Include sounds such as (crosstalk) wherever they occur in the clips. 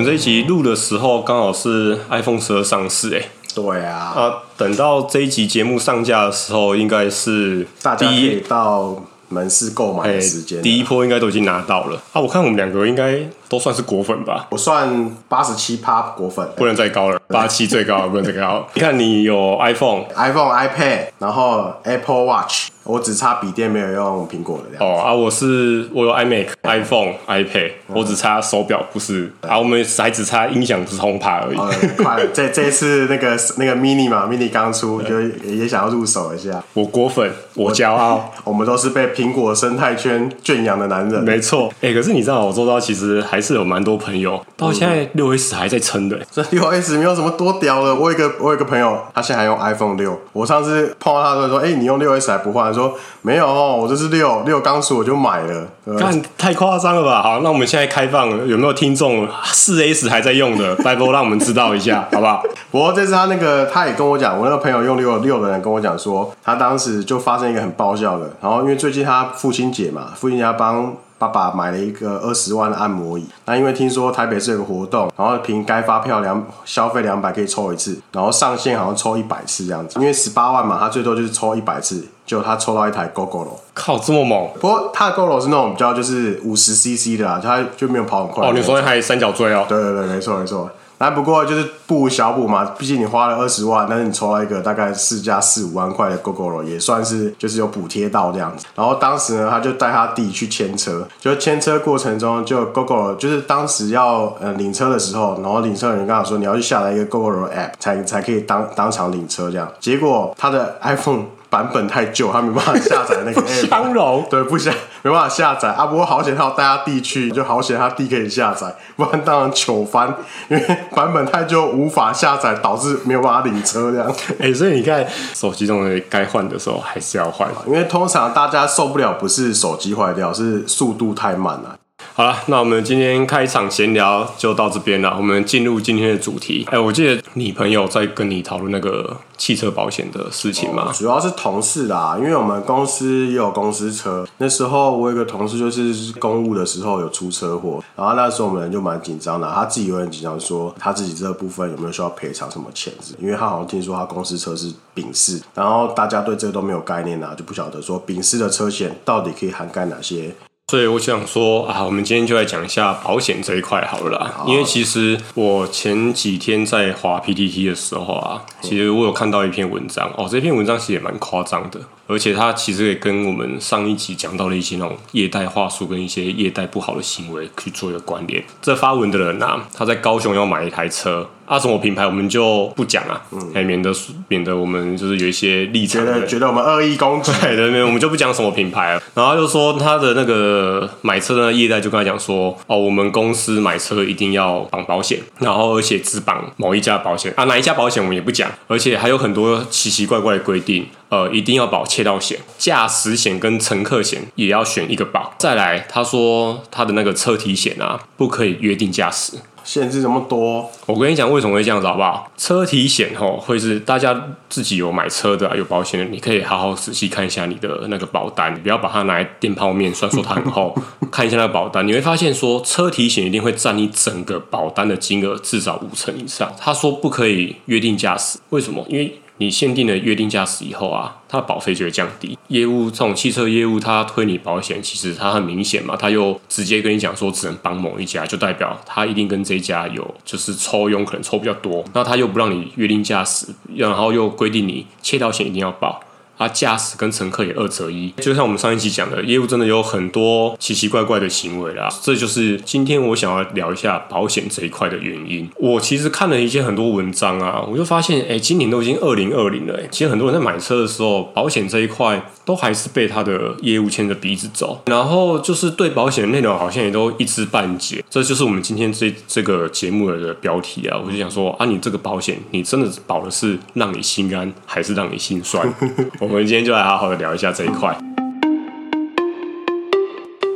我們這一集錄的時候，剛好是 iPhone 十二上市、欸，誒。對啊，啊，等到這一集節目上架的時候應，應該是大家可以到門市購買的時間、欸，第一波應該都已經拿到了啊。我看我們兩個應該都算是果粉吧，我算八十七趴果粉，不能再高了。八七對 最高，不是最高。你看你有 iPhone、iPhone、iPad，然後 Apple Watch，我只差筆電，沒有用蘋果的。哦，啊我，我是我有 iMac、嗯、iPhone、iPad，我只差手錶，不是。對 啊，我們還只差音響，不是 HomePod 而已。快，這這次那個那個 Mini 嘛，Mini 剛出，對 就也想要入手一下。我果粉，我驕傲我，我們都是被蘋果生態圈圈養的男人。沒錯，哎、欸，可是你知道，我周遭其實還是有蠻多朋友到現在六 S 還在撐的、欸。這六 S 沒有。怎麼多屌了？我有一個我有一個朋友，他現在還用 iPhone 六。我上次碰到他都說：“哎、欸，你用六 S 還不換？”他說：“沒有哦，我這是六六剛出我就買了。呃”幹，太誇張了吧？好，那我們現在開放了，有沒有聽眾四 S 還在用的？拜托讓我們知道一下， (laughs) 好不好？不過這次他那個，他也跟我講，我那個朋友用六六的人跟我講說，他當時就發生一個很爆笑的。然後因為最近他父親節嘛，父親家幫。爸爸買了一個二十萬的按摩椅，那因為聽說台北市有個活動，然後憑該發票兩消費兩百可以抽一次，然後上限好像抽一百次這樣子，因為十八萬嘛，他最多就是抽一百次，就他抽到一台 Gogoro。靠，這麼猛！不過他的 Gogoro 是那種比較就是五十 CC 的，他就沒有跑很快。哦，你說還有三角錐哦？對對對，沒錯沒錯。那不過就是不，小補嘛，畢竟你花了二十萬，但是你抽到一個大概市價四五萬塊的 Gogoro 也算是就是有補貼到這樣子。然後當時呢，他就帶他弟去牽車，就牽車過程中，就 Gogoro 就是當時要呃領車的時候，然後領車的人剛好說你要去下載一個 Gogoro App 才才可以當當場領車這樣。結果他的 iPhone 版本太舊，他沒辦法下載那個 App，對 (laughs) 不相容。沒辦法下載啊！不過好險他要帶他弟去，就好險他弟可以下載，不然當然糗翻，因為版本太舊無法下載，導致沒有辦法領車這樣。哎、欸，所以你看手機這種東西該換的時候還是要換，因為通常大家受不了不是手機壞掉，是速度太慢了、啊。好了，那我們今天開場閒聊就到這邊了。我們進入今天的主題。哎、欸，我記得你朋友在跟你討論那個汽車保險的事情嗎、哦？主要是同事啦，因為我們公司也有公司車。那時候我有個同事就是公務的時候有出車禍，然後那時候我們就蠻緊張的啦。他自己有點緊張，說他自己這個部分有沒有需要賠償什麼錢？子，因為他好像聽說他公司車是丙式，然後大家對這個都沒有概念啊，就不曉得說丙式的車險到底可以涵蓋哪些。所以我想說啊，我們今天就來講一下保險這一塊好了啦，好的因為其實我前幾天在滑 PTT 的時候啊，其實我有看到一篇文章哦，這篇文章其實也蠻誇張的。而且他其實也跟我們上一集講到了一些那種業代話術跟一些業代不好的行為去做一個關聯。這發文的人啊，他在高雄要買一台車啊，什麼品牌我們就不講啊，哎、嗯，還免得免得我們就是有一些立場覺得覺得我們惡意攻擊， (laughs) 對對我們就不講什麼品牌了。然後他就說他的那個買車呢，業代就跟他講說，哦，我們公司買車一定要綁保險，然後而且只綁某一家保險啊，哪一家保險我們也不講，而且還有很多奇奇怪怪的規定。呃，一定要保竊盜險，駕駛險跟乘客險也要選一個保。再來，他說他的那個車體險啊，不可以約定駕駛。限制這麼多，哦，我跟你講為什麼會這樣子好不好？車體險吼，會是大家自己有買車的，啊、有保險的，你可以好好仔細看一下你的那個保單，你不要把它拿來墊泡麵，雖然說它很厚， (laughs) 看一下那個保單，你會發現說車體險一定會佔你整個保單的金額至少五成以上。他說不可以約定駕駛，為什麼？因為，你限定了約定駕駛以後啊，它保費就會降低。業務，這種汽車業務，它推你保險，其實它很明顯嘛，它又直接跟你講說只能綁某一家，就代表它一定跟這一家有就是抽佣，可能抽比較多。那它又不讓你約定駕駛，然後又規定你竊盜險一定要保。他駕駛跟乘客也二擇一，就像我們上一期講的，業務真的有很多奇奇怪怪的行為啦。這就是今天我想要聊一下保險這一塊的原因。我其實看了一些很多文章啊，我就發現，哎，今年都已經二零二零了耶，其實很多人在買車的時候，保險這一塊。都還是被他的業務牽着鼻子走，然後就是對保險的內容，好像也都一知半解，這就是我們今天這這個節目的標題啊！我就想說啊，你這個保險，你真的保的是讓你心安，還是讓你心酸？ (laughs) 我們今天就來好好的聊一下這一塊。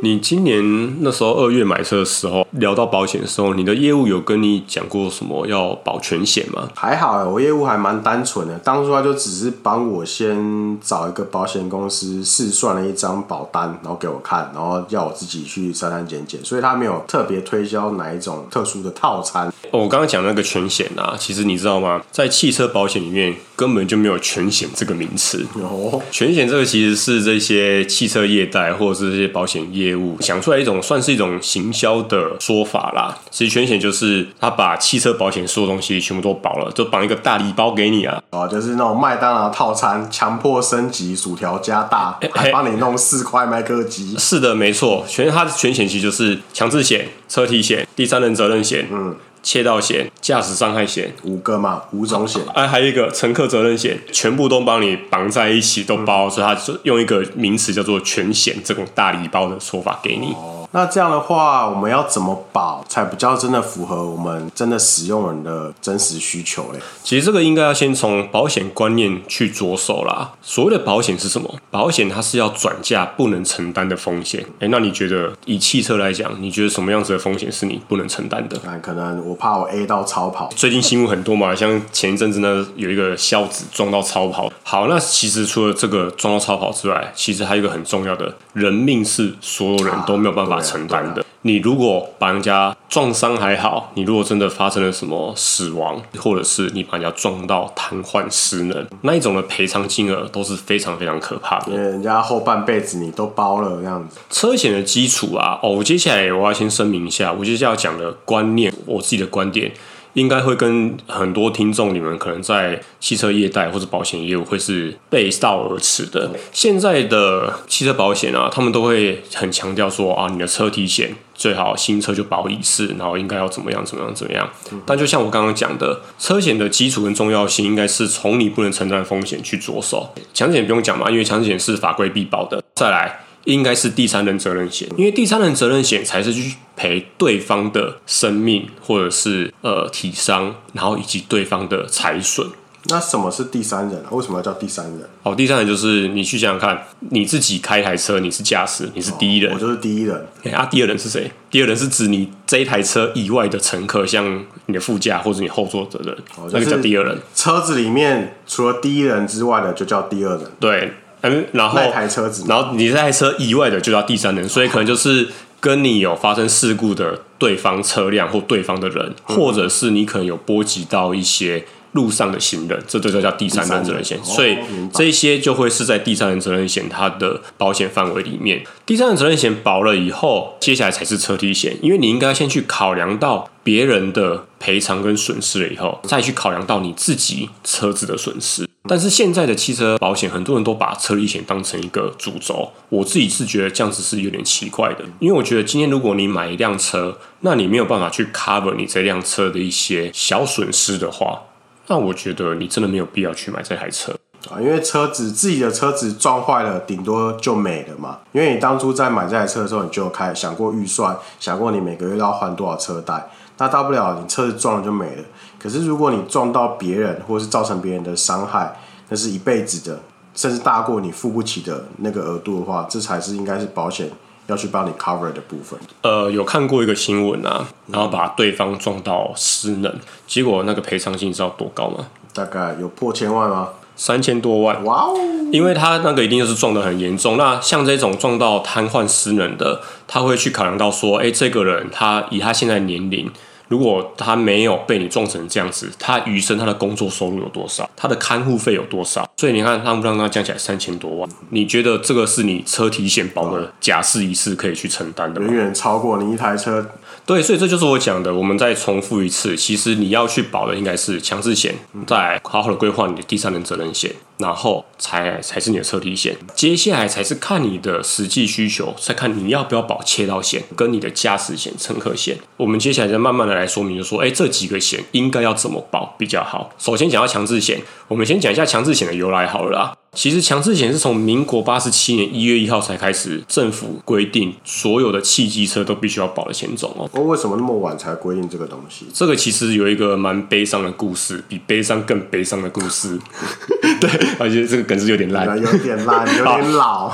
你今年那時候二月買車的時候，聊到保險的時候，你的業務有跟你講過什麼要保全險嗎？還好，我業務還蠻單純的，當初他就只是幫我先找一個保險公司試算了一張保單，然後給我看，然後要我自己去刪刪減減，所以他沒有特別推銷哪一種特殊的套餐。哦，我剛剛講那個全險啊，其實你知道嗎？在汽車保險裡面。根本就沒有全險這個名詞。哦，全險這個其實是這些汽車業貸或者是這些保險業務想出來一種算是一種行銷的說法啦。其實全險就是他把汽車保險所有東西全部都保了，就綁一個大禮包給你啊。哦，就是那種麥當勞套餐，強迫升級薯條加大，還幫你弄四塊麥克雞。欸，欸，是的，沒錯，全，他的全險其實就是強制險、車體險、第三人責任險。嗯。嗯。竊盜險、駕駛傷害險，五個嘛，五種險，哎、啊，還有一個乘客責任險，全部都幫你綁在一起，都包，嗯、所以它就用一個名詞叫做“全險”這種大禮包的說法給你。哦那這樣的話，我們要怎麼保才比較真的符合我們真的使用人的真實需求嘞？其實這個應該要先從保險觀念去着手啦。所謂的保險是什麼？保險它是要轉嫁不能承擔的風險。哎、欸，那你覺得以汽車來講，你覺得什麼樣子的風險是你不能承擔的？啊，可能我怕我 A 到超跑。最近新聞很多嘛，像前一陣子呢有一個孝子撞到超跑。好，那其實除了這個撞到超跑之外，其實還有一個很重要的人命是所有人都沒有辦法。承擔的，你如果把人家撞傷還好，你如果真的發生了什麼死亡，或者是你把人家撞到癱瘓失能，那一種的賠償金額都是非常非常可怕的，因為人家後半輩子你都包了這樣子。車險的基礎啊，哦，我接下來我要先聲明一下，我接下來要講的觀念，我自己的觀點。應該會跟很多聽眾你們可能在汽車業代，或者保險業務會是背道而馳的。現在的汽車保險啊，他們都會很強調說啊，你的車體險最好新車就保一次，然後應該要怎麼樣怎麼樣怎麼樣。但就像我剛剛講的，車險的基礎跟重要性應該是從你不能承擔風險去着手。強險不用講嘛，因為強險是法規必保的。再來。應該是第三人責任險，因為第三人責任險才是去賠對方的生命或者是呃體傷，然後以及對方的財損。那什麼是第三人？為什麼要叫第三人？哦，第三人就是你去想想看，你自己開一台車，你是駕駛，你是第一人。哦，我就是第一人。欸、啊，第二人是誰？第二人是指你這一台車以外的乘客，像你的副駕或者你後座的人，那個叫第二人。就是、車子裡面除了第一人之外的，就叫第二人。對。嗯、然後，那台車子然後你這台車以外的就叫第三人，所以可能就是跟你有發生事故的對方車輛或對方的人， (laughs) 或者是你可能有波及到一些路上的行人，嗯、這就叫叫第三人責任險。所以白這一些就會是在第三人責任險它的保險範圍裡面。第三人責任險保了以後，接下來才是車體險，因為你應該先去考量到別人的賠償跟損失了以後，再去考量到你自己車子的損失。但是現在的汽車保險，很多人都把車體險當成一個主軸。我自己是覺得這樣子是有點奇怪的，因為我覺得今天如果你買一輛車，那你沒有辦法去 cover 你這輛車的一些小損失的話，那我覺得你真的沒有必要去買這台車啊。因為車子自己的車子撞壞了，頂多就沒了嘛。因為你當初在買這台車的時候，你就開始想過預算，想過你每個月要還多少車貸。那大不了你車子撞了就沒了。可是如果你撞到別人，或是造成別人的傷害，那是一輩子的，甚至大過你付不起的那個額度的話，這才是應該是保險要去幫你 cover 的部分。呃，有看過一個新聞啊，然後把對方撞到失能，結果那個賠償金你知道多高嗎？大概有破千萬嗎？三千多萬。哇哦！因為他那個一定就是撞得很嚴重。那像這種撞到癱瘓失能的，他會去考量到說，誒，這個人他以他現在年齡。如果他沒有被你撞成這樣子，他餘生他的工作收入有多少？他的看護費有多少？所以你看，讓不讓他降下來三千多萬，你覺得這個是你車體險保的假設一次可以去承擔的嗎？遠遠超過你一台車。對，所以這就是我講的，我們再重複一次，其實你要去保的應該是強制險，再好好的規劃你的第三人責任險。然後才才是你的車體險，接下來才是看你的實際需求，再看你要不要保竊盜險，跟你的駕駛險、乘客險。我們接下來再慢慢的來說明就說，說、欸、誒這幾個險應該要怎麼保比較好。首先講到強制險，我們先講一下強制險的由來好了啦。其實強制險是從民國八十七年一月一號才開始，政府規定所有的汽機車都必須要保的險種哦。為什麼那麼晚才規定這個東西？這個其實有一個蠻悲傷的故事，比悲傷更悲傷的故事。 (laughs) 對，而且這個梗是有點爛，有點爛，有點老。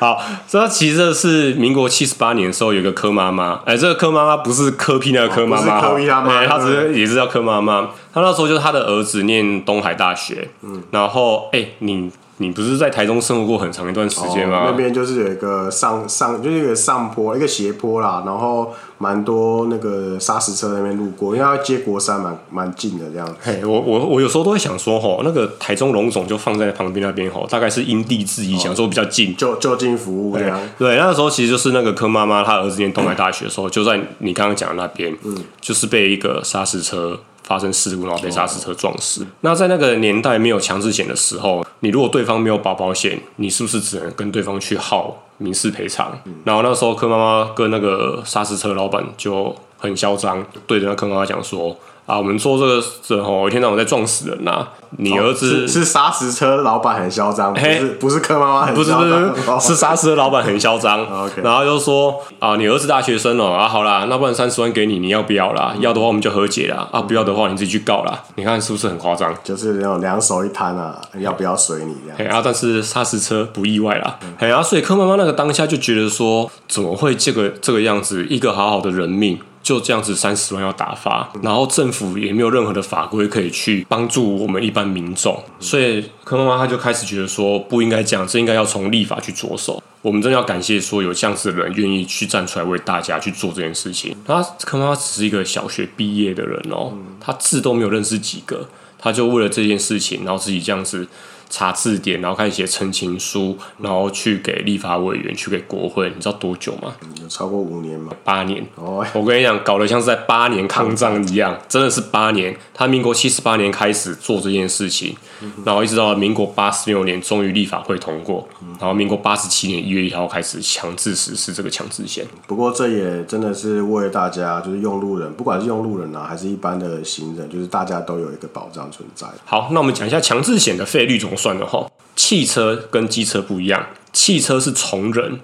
好，這其實這是民國七十八年的時候有一柯媽媽，有個柯媽媽，哎，這個柯媽媽不是柯皮那個柯媽媽，柯皮媽媽，她只是科他媽媽、欸、他也是叫柯媽媽。她、嗯、那時候就是她的兒子念東海大學，嗯，然後哎、欸、你。你不是在台中生活過很長一段時間嗎？哦、那邊就是有一個上上，就是一個上坡，一個斜坡啦，然後蠻多那個砂石車那邊路過，因為他接國三，蠻蠻近的這樣子。嘿，我我我有時候都會想說吼，那個台中龍總就放在旁邊那邊吼，大概是因地制宜，哦、想說比較近，就就近服務這樣。對，對，那個、時候其實就是那個柯媽媽她兒子念東海大學的時候，嗯、就在你剛剛講的那邊，嗯，就是被一個砂石車。發生事故，然後被砂石車撞死。那在那個年代沒有強制險的時候，你如果對方沒有保保險，你是不是只能跟對方去耗民事賠償？然後那時候柯媽媽跟那個砂石車老闆就很囂張，對着那柯媽媽講說。啊，我們說這個這有一天到晚在撞死人吶、啊！你兒子、哦、是砂石車老板很囂張嘿，不是不是柯媽媽很囂張，是砂石車老板很囂張。對然後就說啊，你兒子大學生了、喔、啊，好啦，那不然三十萬給你，你要不要啦？嗯、要的話我們就和解了。嗯、啊，不要的話你自己去告啦。你看是不是很誇張？就是那種兩手一攤啊，要不要隨你這樣，然、啊、但是砂石車不意外啦。然後對、啊、所以柯媽媽那個當下就覺得說，怎麼會這個這個樣子？一個好好的人命。就這樣子三十萬要打發，然後政府也沒有任何的法規可以去幫助我們一般民眾，所以柯媽媽她就開始覺得說不應該這樣，這應該要從立法去着手。我們真的要感謝說有這樣子的人願意去站出來為大家去做這件事情。他，柯媽媽只是一個小學畢業的人哦、喔，他字都沒有認識幾個。他就為了這件事情，然後自己這樣子查字典，然後開始寫陳情書，然後去給立法委員，去給國會。你知道多久嗎？有、嗯、超過五年嗎？八年。哦、欸，我跟你講，搞得像是在八年抗戰一樣，真的是八年。他民國七十八年開始做這件事情，嗯、哼然後一直到民國八十六年，終於立法會通過，然後民國八十七年一月一號開始強制實施這個強制險。不過這也真的是為大家，就是用路人，不管是用路人啊，還是一般的行人，就是大家都有一個保障。存在好，那我們講一下強制險的費率怎麼算的吼。汽車跟機車不一樣，汽車是從人，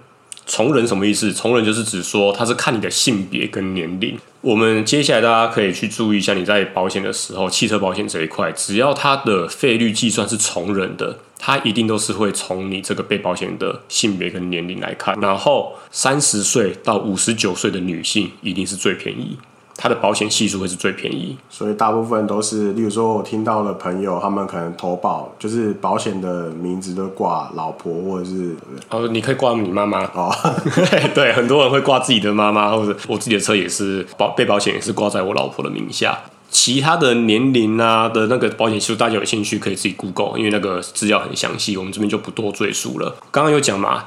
從人什麼意思？從人就是指說它是看你的性別跟年齡。我們接下來大家可以去注意一下，你在保險的時候，汽車保險這一塊，只要它的費率計算是從人的，它一定都是會從你這個被保險的性別跟年齡來看。然後三十歲到五十九歲的女性一定是最便宜，它的保險係數會是最便宜，所以大部分都是，例如說，我聽到的朋友，他們可能投保，就是保險的名字都掛老婆，或者是，哦，你可以掛你媽媽，哦。 (laughs) 對，很多人會掛自己的媽媽，或者我自己的車也是保，被保險也是掛在我老婆的名下。其他的年齡啊的，那個保險係數，大家有興趣可以自己 Google，因為那個資料很詳細，我們這邊就不多贅述了。剛剛有講嘛？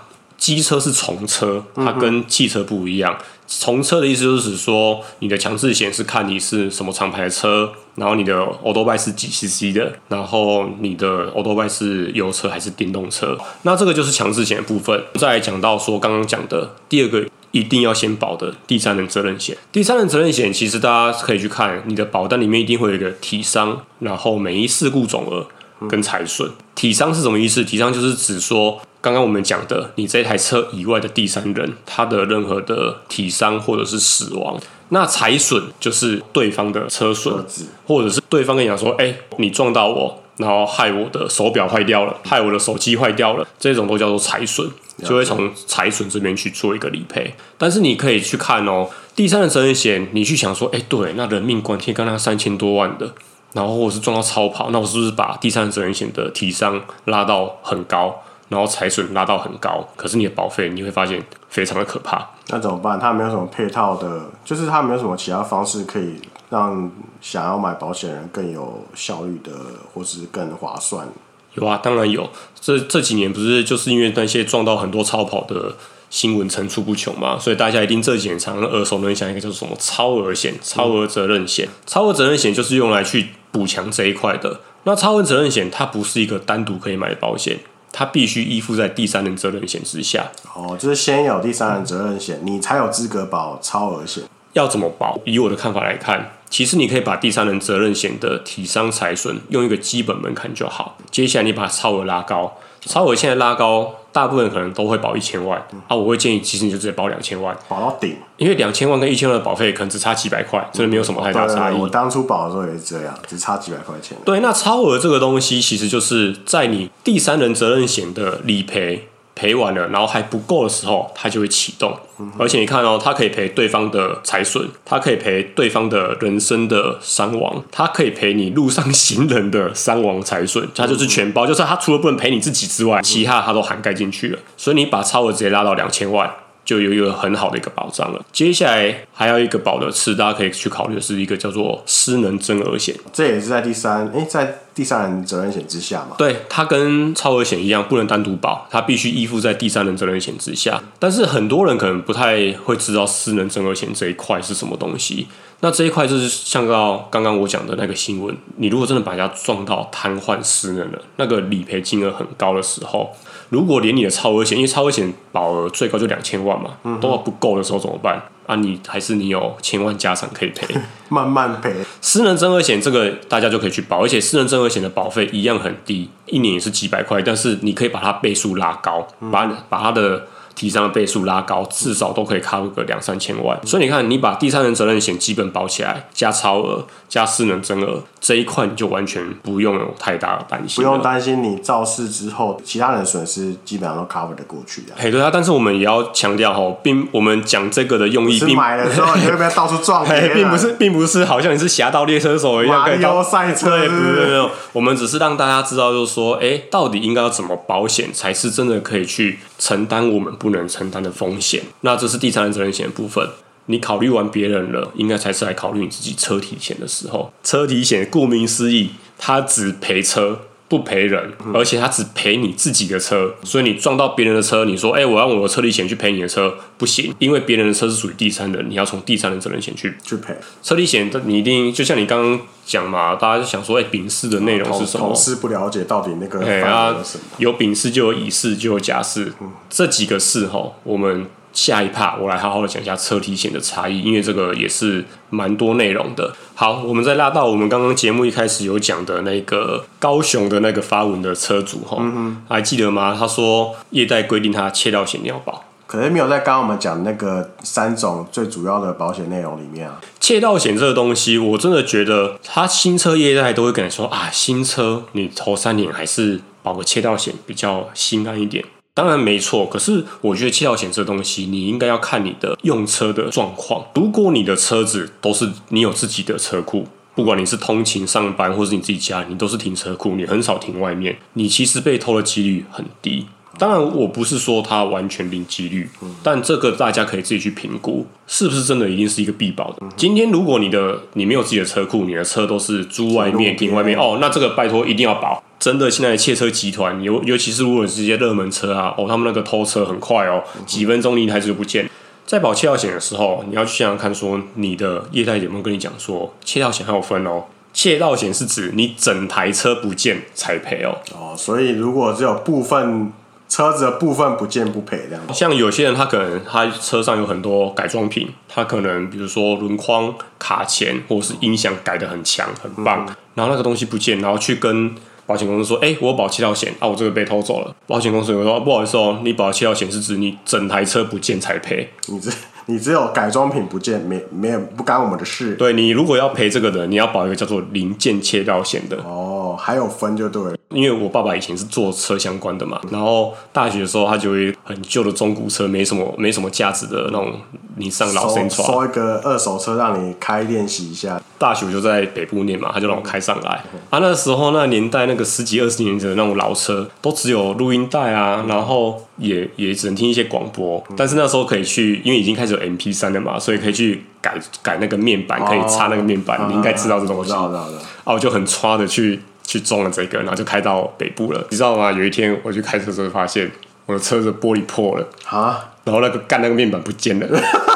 機車是從車，它跟汽車不一樣。嗯、哼從車的意思就是說，你的強制險是看你是什麼廠牌的車，然後你的歐多拜是幾 CC 的，然後你的歐多拜是油車還是電動車。那這個就是強制險的部分。再講到說剛剛講，剛剛講的第二個，一定要先保的第三人責任險。第三人責任險其實大家可以去看你的保單裡面，一定會有一個體傷，然後每一事故總額。跟財損。體傷是什麼意思？體傷就是指說，剛剛我們講的，你這台車以外的第三人，他的任何的體傷或者是死亡，那財損就是對方的車損，或者是對方跟你講說，哎，你撞到我，然後害我的手錶壞掉了，害我的手機壞掉了，這種都叫做財損，就會從財損這邊去做一個理賠。但是你可以去看哦、喔，第三人責任險，你去想說，哎，對，那人命關天，剛剛三千多萬的。然後或者是撞到超跑，那我是不是把第三者責任險的體傷拉到很高，然後財損拉到很高？可是你的保費你會發現非常的可怕。那怎麼辦？他沒有什麼配套的，就是他沒有什麼其他方式可以讓想要買保險人更有效率的，或者是更划算。有啊，當然有。這這幾年不是就是因為那些撞到很多超跑的。新聞層出不窮嘛，所以大家一定這幾年常常耳熟能詳一個叫做什麼超額險、超額責任險。嗯、超額責任險就是用來去補強這一塊的。那超額責任險它不是一個單獨可以買保險，它必須依附在第三人責任險之下。哦，就是先有第三人責任險，嗯、你才有資格保超額險。要怎麼保？以我的看法來看，其實你可以把第三人責任險的體傷財損用一個基本門檻就好。接下來你把超額拉高，超額現在拉高。大部分可能都會保一千萬、嗯、啊，我會建議其實你就直接保兩千萬，保到頂，因為兩千萬跟一千萬的保費可能只差幾百塊，嗯、真的沒有什麼太大差異、哦。我當初保的時候也是這樣，只差幾百塊錢。對，那超額這個東西，其實就是在你第三人責任險的理賠。賠完了，然後還不夠的時候，它就會啟動。而且你看哦，它可以賠對方的財損，它可以賠對方的人身的傷亡，它可以賠你路上行人的傷亡財損，它就是全包。就是它除了不能賠你自己之外，其他它都涵蓋進去了。所以你把超額直接拉到兩千萬。就有一個很好的一個保障了。接下來還有一個保的詞，大家可以去考慮的是一個叫做失能增額險，這也是在第三，誒，在第三人責任險之下嘛。對，它跟超額險一樣，不能單獨保，它必須依附在第三人責任險之下。但是很多人可能不太會知道失能增額險這一塊是什麼東西。那這一塊就是像到剛剛我講的那個新聞，你如果真的把人家撞到癱瘓失能了，那個理賠金額很高的時候。如果連你的超額險，因為超額險保額最高就兩千萬嘛，都、嗯、哼多少不夠的時候怎麼辦啊？你還是你有千萬家產可以賠，慢慢賠。私人增額險這個大家就可以去保，而且私人增額險的保費一樣很低，一年也是幾百塊，但是你可以把它倍數拉高，把它把它的。提上倍數拉高，至少都可以 cover 個兩三千萬。嗯、所以你看，你把第三人責任險基本保起來，加超額、加四人增額這一塊，你就完全不用有太大的擔心。你不用擔心，你肇事之後其他人損失基本上都 cover 得過去的。嘿，對啊。但是我們也要強調哈，並我們講這個的用意，並是買的時候你會不會到處撞、啊？ (laughs) 並不是，並不是，好像你是俠盜獵車手一樣，瑪利歐賽車。車也不有沒有。 (laughs) 我們只是讓大家知道，就是說，哎、欸，到底應該要怎麼保險才是真的可以去。承擔我們不能承擔的風險，那這是第三人責任險的部分。你考慮完別人了，應該才是來考慮你自己車體險的時候。車體險顧名思義，它只賠車。不賠人，而且他只賠你自己的車，嗯、所以你撞到別人的車，你說，哎、欸，我要我的車體險去賠你的車，不行，因為別人的車是屬於第三人的，你要從第三人責任險去去賠陪車體險。你一定就像你剛剛講嘛，大家就想說，哎、欸，丙式的內容是什麼同？同事不了解到底那個有有丙式，就有乙式就有甲式，嗯、這幾個式吼，我們。下一趴我來好好的講一下車體險的差異，因為這個也是蠻多內容的。好，我們再拉到我們剛剛節目一開始有講的那個高雄的那個發文的車主哈，嗯嗯還記得嗎？他說業代規定他竊盜險要保，可是沒有在剛剛我們講那個三種最主要的保險內容裡面啊，竊盜險這個東西，我真的覺得他新車業代都會跟你說啊，新車你頭三年還是保個竊盜險比較心安一點。當然沒錯，可是我覺得竊盜險這東西，你應該要看你的用車的狀況。如果你的車子都是你有自己的車庫，不管你是通勤上班或是你自己家，你都是停車庫，你很少停外面，你其實被偷的幾率很低。當然，我不是說它完全零幾率，嗯、但這個大家可以自己去評估，是不是真的一定是一個必保的。嗯、哼今天如果你的你沒有自己的車庫，你的車都是租外面停外面，哦，那這個拜托一定要保。真的，現在的竊車集團，尤尤其是如果這些熱門車啊，哦，他們那個偷車很快哦，幾分鐘一台就不見。嗯、哼在保竊盜險的時候，你要去想想看，說你的業代有沒有跟你講說，竊盜險還有分哦，竊盜險是指你整台車不見才賠哦。哦，所以如果只有部分。車子的部分不見不賠，這樣。像有些人他可能他車上有很多改裝品，他可能比如說輪框卡、卡鉗或者是音響改得很強、很棒，嗯、然後那個東西不見，然後去跟保險公司說：“哎、欸，我有保竊盜險啊，我這個被偷走了。”保險公司說、啊：“不好意思哦，你保竊盜險是指你整台車不見才賠。嗯”你你只有改裝品不見，沒沒有不干我們的事。對，你如果要賠這個的，你要保一個叫做零件竊盜險的。哦，還有分就對了，因為我爸爸以前是做車相關的嘛，嗯、然後大學的時候他就會很舊的中古車，沒什麼沒什麼價值的那種，你上老車，收一個二手車讓你開練習一下。大學就在北部念嘛，他就讓我開上來、嗯、啊。那時候那年代那個十幾二十年前的那種老車，都只有錄音帶啊，然後也也只能聽一些廣播，嗯、但是那時候可以去，因為已經開始。M P 三的嘛，所以可以去改改那個面板，oh, 可以插那個面板。Uh, 你應該知道這種東西。知道，我就很欻的去去裝了這個，然後就開到北部了。你知道嗎？有一天我去開車的時候，發現我的車子玻璃破了。Huh? 然後那個幹那個面板不見了。 (laughs)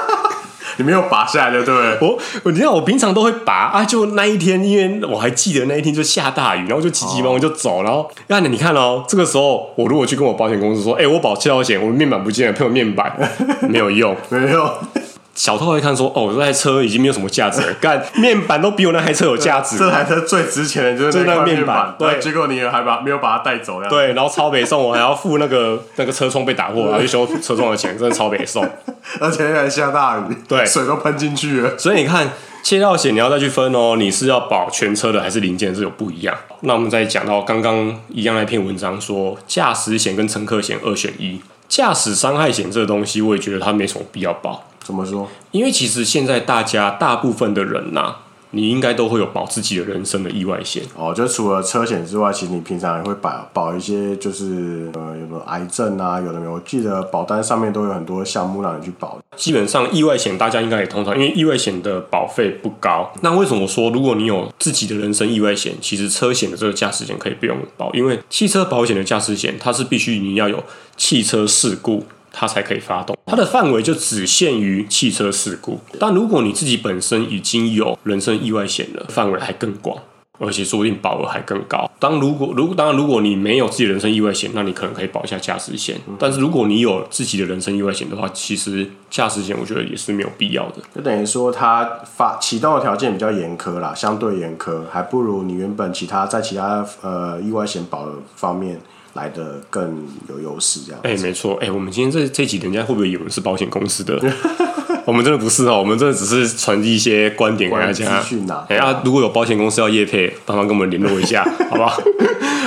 你沒有拔下來的，對不對？我你知道，我平常都會拔啊。就那一天，因為我還記得那一天，就下大雨，然後就急急忙忙就走。Oh. 然後，那你看哦，這個時候，我如果去跟我保險公司說，哎，我保竊盜險，我們面板不見了，賠我面板， (laughs) 沒有用， (laughs) 沒有。小偷一看說：“哦，這台車已經沒有什麼價值了，幹面板都比我那台車有價值。這台車最值錢的就是那，就那個面板。對，然後結果你還把沒有把它帶走對，然後超北送，我還要付那個那個車窗被打破對然後去修車窗的錢，對真的超北送。而且又還下大雨，對，水都噴進去了。所以你看，車體險你要再去分哦，你是要保全車的還是零件的是有不一樣？那我們再講到剛剛一樣的那篇文章說，說駕駛險跟乘客險二選一。”駕駛傷害險這個東西，我也覺得它沒什麼必要保。怎麼說？因為其實現在大家大部分的人吶、啊。你應該都會有保自己的人身的意外險哦，就除了車險之外，其實你平常也會保保一些，就是呃，有沒有癌症啊？有的沒有？記得保單上面都有很多項目讓你去保。基本上意外險大家應該也通常，因為意外險的保費不高。那為什麼說如果你有自己的人身意外險，其實車險的這個駕駛險可以不用保？因為汽車保險的駕駛險它是必須你要有汽車事故。它才可以發動，它的範圍就只限於汽車事故。但如果你自己本身已經有人身意外險了，範圍還更廣，而且說不定保額還更高。當如果如果當然如果你沒有自己人身意外險，那你可能可以保一下駕駛險。但是如果你有自己的人身意外險的話，其實駕駛險我覺得也是沒有必要的。就等於說它發啟動的條件比較嚴苛啦，相對嚴苛，還不如你原本其他在其他呃意外險保額方面。來得更有優勢，這樣、欸。哎，沒錯，哎，我們今天這這幾集，人家會不會以為是保險公司的？ (laughs) 我們真的不是哦、喔，我們真的只是傳遞一些觀點給大家、啊。啊欸啊、如果有保險公司要業配，幫忙跟我們聯絡一下， (laughs) 好不好？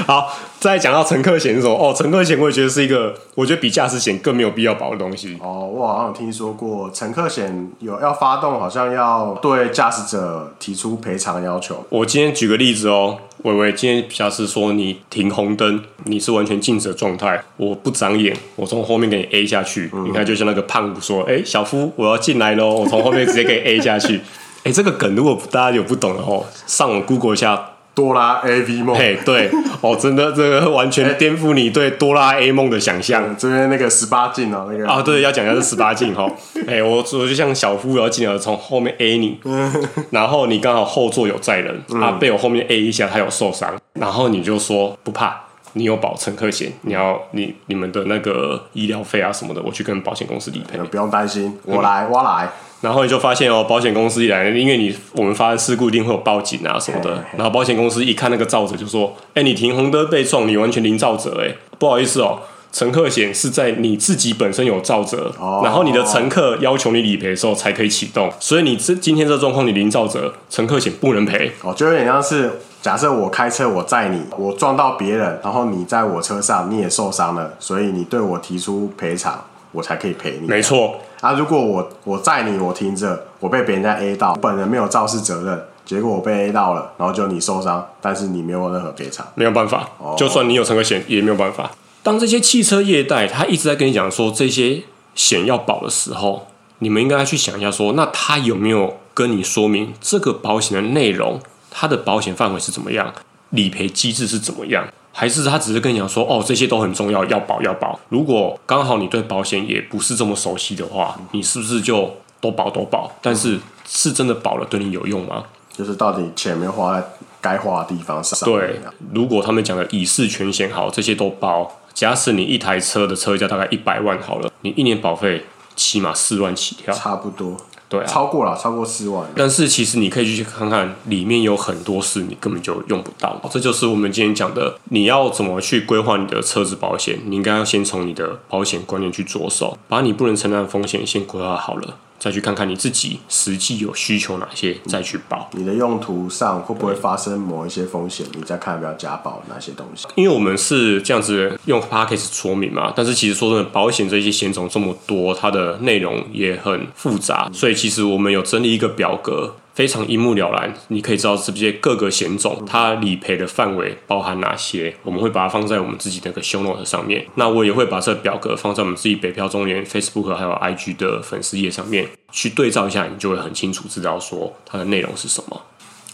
好。再講到乘客險的時候，哦，乘客險我也覺得是一個，我覺得比駕駛險更沒有必要保的東西。哦，我好像有聽說過乘客險有要發動，好像要對駕駛者提出賠償要求。我今天舉個例子哦，偉偉，今天駕駛說你停紅燈，你是完全靜止的狀態，我不長眼，我從後面給你 A 下去，嗯、你看就像那個胖子說，哎，小夫，我要進來嘍，我從後面直接給你 A 下去。哎， (laughs) 這個梗如果大家有不懂的話、哦，上網 Google 一下。哆啦 A、v、夢，嘿，對，哦，真的，這個完全顛覆你對哆啦 A 夢的想象。 (laughs) 這邊那個十八禁哦，那個啊，對，要講一下是十八禁哈。哎、哦，hey, 我我就像小夫要進而從後面 A 你， (laughs) 然後你剛好後座有載人，嗯、啊，被我後面 A 一下，他有受傷，然後你就說不怕，你有保乘客險，你要你你們的那個醫療費啊什麼的，我去跟保險公司理賠。不用擔心，我來，嗯、我來。然後你就發現哦，保險公司一來，因為你我們發生事故一定會有報警啊什麼的。嘿嘿嘿嘿，然後保險公司一看那個造子，就說：“哎，你停紅燈被撞，你完全零造者。’哎，不好意思哦，乘客險是在你自己本身有造者，哦、然後你的乘客要求你理賠的時候才可以啟動。哦、所以你這今天這狀況，你零造者，乘客險不能賠哦，就有點像是假設我開車我載你，我撞到別人，然後你在我車上你也受傷了，所以你對我提出賠償，我才可以賠你、啊，沒錯。”啊！如果我我載你，我聽着，我被別人家 A 到，本人沒有肇事責任，結果我被 A 到了，然後就你受傷，但是你沒有任何賠償，沒有辦法，oh. 就算你有乘客險也沒有辦法。當這些汽車業代他一直在跟你講說這些險要保的時候，你們應該去想一下說，說那他有沒有跟你說明這個保險的內容，它的保險範圍是怎麼樣，理賠機制是怎麼樣？還是他只是跟你講說哦，這些都很重要，要保要保。如果剛好你對保險也不是這麼熟悉的話，你是不是就都保都保？但是是真的保了，對你有用嗎？就是到底錢沒花在該花的地方上面啊。對，如果他們講的乙式全險好，這些都包。假使你一台車的車價大概一百萬好了，你一年保費起碼四萬起跳，差不多。對，超過了，超過四萬。但是其實你可以去去看看，裡面有很多事你根本就用不到。這就是我們今天講的，你要怎麼去規劃你的車子保險？你應該要先從你的保險觀念去着手，把你不能承擔的風險先規劃好了。再去看看你自己實際有需求哪些，再去保。你的用途上會不會發生某一些風險對？你再看要不要加保哪些東西。因為我們是這樣子用 Podcast 說明嘛，但是其實說真的，保險這些險種這麼多，它的內容也很複雜，所以其實我們有整理一個表格。非常一目了然，你可以知道這些各個險種它理賠的範圍包含哪些。我們會把它放在我們自己的一個 show note 上面。那我也會把這個表格放在我們自己北漂中年 Facebook 還有 IG 的粉絲頁上面，去對照一下，你就會很清楚知道說它的內容是什麼。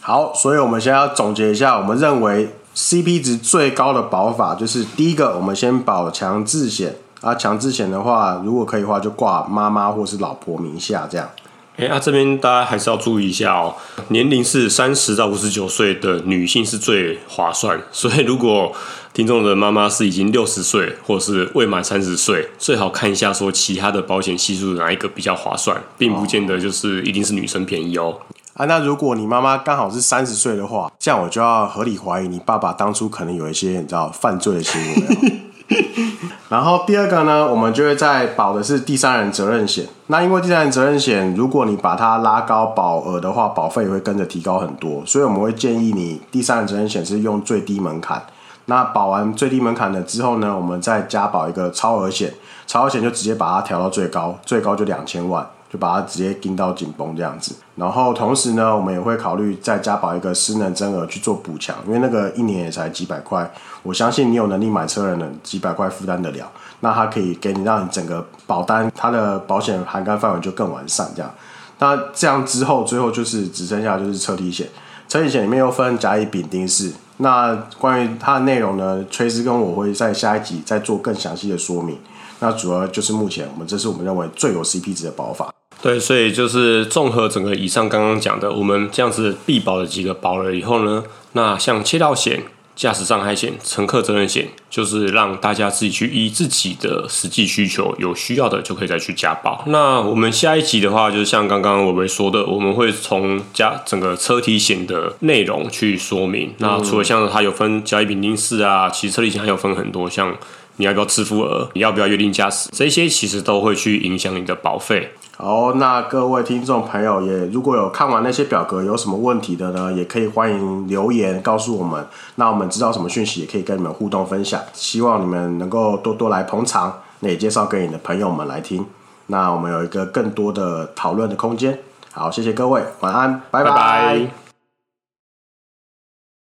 好，所以我們現在要總結一下，我們認為 CP 值最高的保法就是第一個，我們先保強制險。啊，強制險的話，如果可以的話，就掛媽媽或是老婆名下這樣。誒，那、欸啊、這邊大家還是要注意一下哦。年齡是三十到五十九歲的女性是最划算，所以如果聽眾的媽媽是已經六十歲，或是未滿三十歲，最好看一下說其他的保險係數哪一個比較划算，並不見得就是一定是女生便宜哦。啊，那如果你媽媽剛好是三十歲的話，這樣我就要合理懷疑你爸爸當初可能有一些你知道犯罪的行為。 (laughs) (laughs) 然後第二個呢，我們就會再保的是第三人責任險。那因為第三人責任險，如果你把它拉高保額的話，保費也會跟着提高很多，所以我們會建議你第三人責任險是用最低門檻。那保完最低門檻了之後呢，我們再加保一個超額險，超額險就直接把它調到最高，最高就兩千萬。就把它直接盯到緊繃這樣子，然後同時呢，我們也會考慮再加保一個失能增額去做補強，因為那個一年也才幾百塊，我相信你有能力買車的人，幾百塊負擔得了，那它可以給你讓你整個保單它的保險涵蓋範圍就更完善這樣，那這樣之後最後就是只剩下的就是車體險，車體險裡面又分甲乙丙丁式，那關於它的內容呢，崔師跟我會在下一集再做更詳細的說明。那主要就是目前我們這是我們認為最有 CP 值的保法。對，所以就是綜合整個以上剛剛講的，我們這樣子必保的幾個保了以後呢，那像竊盜險、駕駛傷害險、乘客責任險，就是讓大家自己去依自己的實際需求，有需要的就可以再去加保。那我們下一集的話，就是像剛剛我們說的，我們會從加整個車體險的內容去說明。那除了像它有分甲乙丙式啊，其實車體險還有分很多，像你要不要自負額，你要不要約定駕駛，這些其實都會去影響你的保費。好，那各位聽眾朋友也如果有看完那些表格有什麼問題的呢，也可以歡迎留言告訴我們。那我們知道什麼訊息也可以跟你們互動分享，希望你們能夠多多來捧場，那也介紹給你的朋友們來聽。那我們有一個更多的討論的空間。好，謝謝各位，晚安，拜拜。拜拜。